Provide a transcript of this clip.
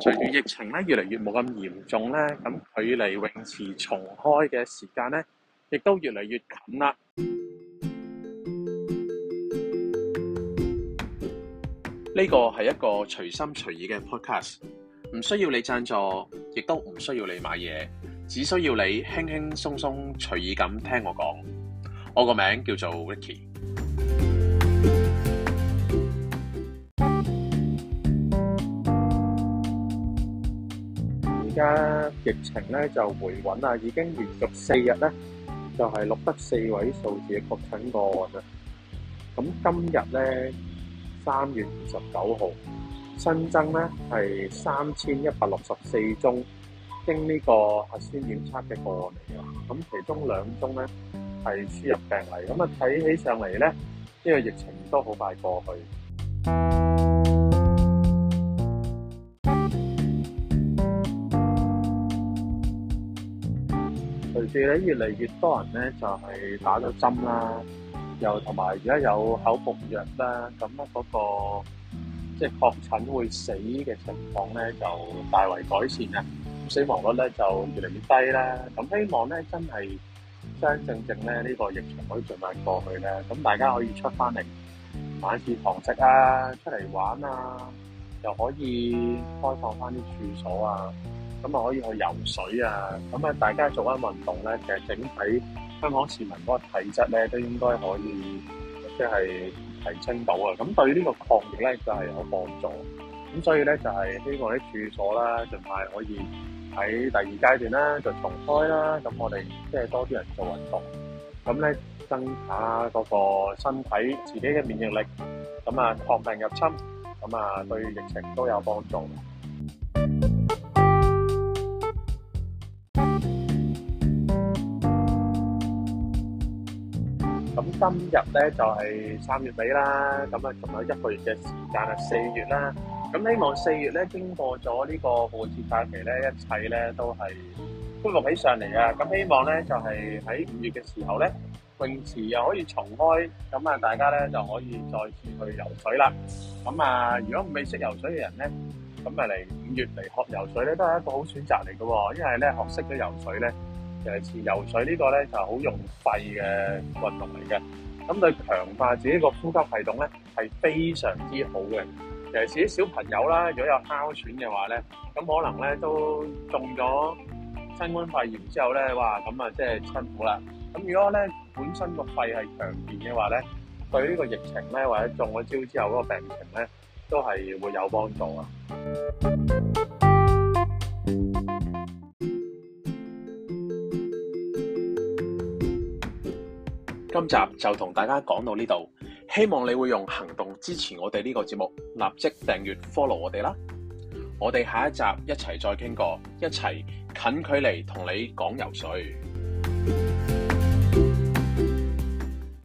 隨住疫情咧越嚟越冇咁嚴重咧，咁距離泳池重開嘅時間咧，亦都越嚟越近啦。呢個係一個隨心隨意嘅 podcast，唔需要你贊助，亦都唔需要你買嘢，只需要你輕輕鬆鬆、隨意咁聽我講。我個名叫做 Ricky。而家疫情咧就回穩喇，已經連續四日咧就係錄得四位數字嘅確診個案啊。咁今日咧三月二十九號新增咧係三千一百六十四宗經呢個核酸檢測嘅個案嚟㗎。咁其中兩宗咧係輸入病例。咁啊睇起上嚟咧，呢個疫情都好快過去。隨住咧越嚟越多人咧就係、是、打咗針啦，又同埋而家有口服藥啦，咁咧嗰個即係確診會死嘅情況咧就大為改善啦，死亡率咧就越嚟越低啦。咁希望咧真係真真正正咧呢個疫情可以盡快過去咧，咁大家可以出翻嚟晚市堂食啊，出嚟玩啊，又可以開放翻啲廁所啊。咁啊可以去游水啊！咁啊大家做下運動咧，其實整體香港市民嗰個體質咧都應該可以，即係提升到啊！咁對於呢個抗疫咧就係有幫助。咁所以咧就係希望啲處所啦，盡快可以喺第二階段咧就重開啦。咁我哋即係多啲人做運動，咁咧增加嗰個身體自己嘅免疫力，咁啊抗病入侵，咁啊對疫情都有幫助。咁今日咧就係三月尾啦，咁啊仲有一個月嘅時間係四月啦。咁希望四月咧經過咗呢個疫情假期咧，一切咧都係恢復起上嚟啊！咁希望咧就係喺五月嘅時候咧，泳池又可以重開，咁啊大家咧就可以再次去游水啦。咁啊，如果未識游水嘅人咧，咁啊嚟五月嚟學游水咧，都係一個好選擇嚟㗎，因為咧學識咗游水咧。尤其是游水呢個咧就好用肺嘅運動嚟嘅，咁對強化自己個呼吸系統咧係非常之好嘅。尤其是啲小朋友啦，如果有哮喘嘅話咧，咁可能咧都中咗新冠肺炎之後咧，哇咁啊即係辛苦啦。咁如果咧本身個肺係強健嘅話咧，對呢個疫情咧或者中咗招之後嗰個病情咧都係會有幫助啊。今集就同大家講到呢度，希望你會用行動支持我哋呢個節目，立即訂閱 follow 我哋啦！我哋下一集一齊再傾過，一齊近距離同你講游水。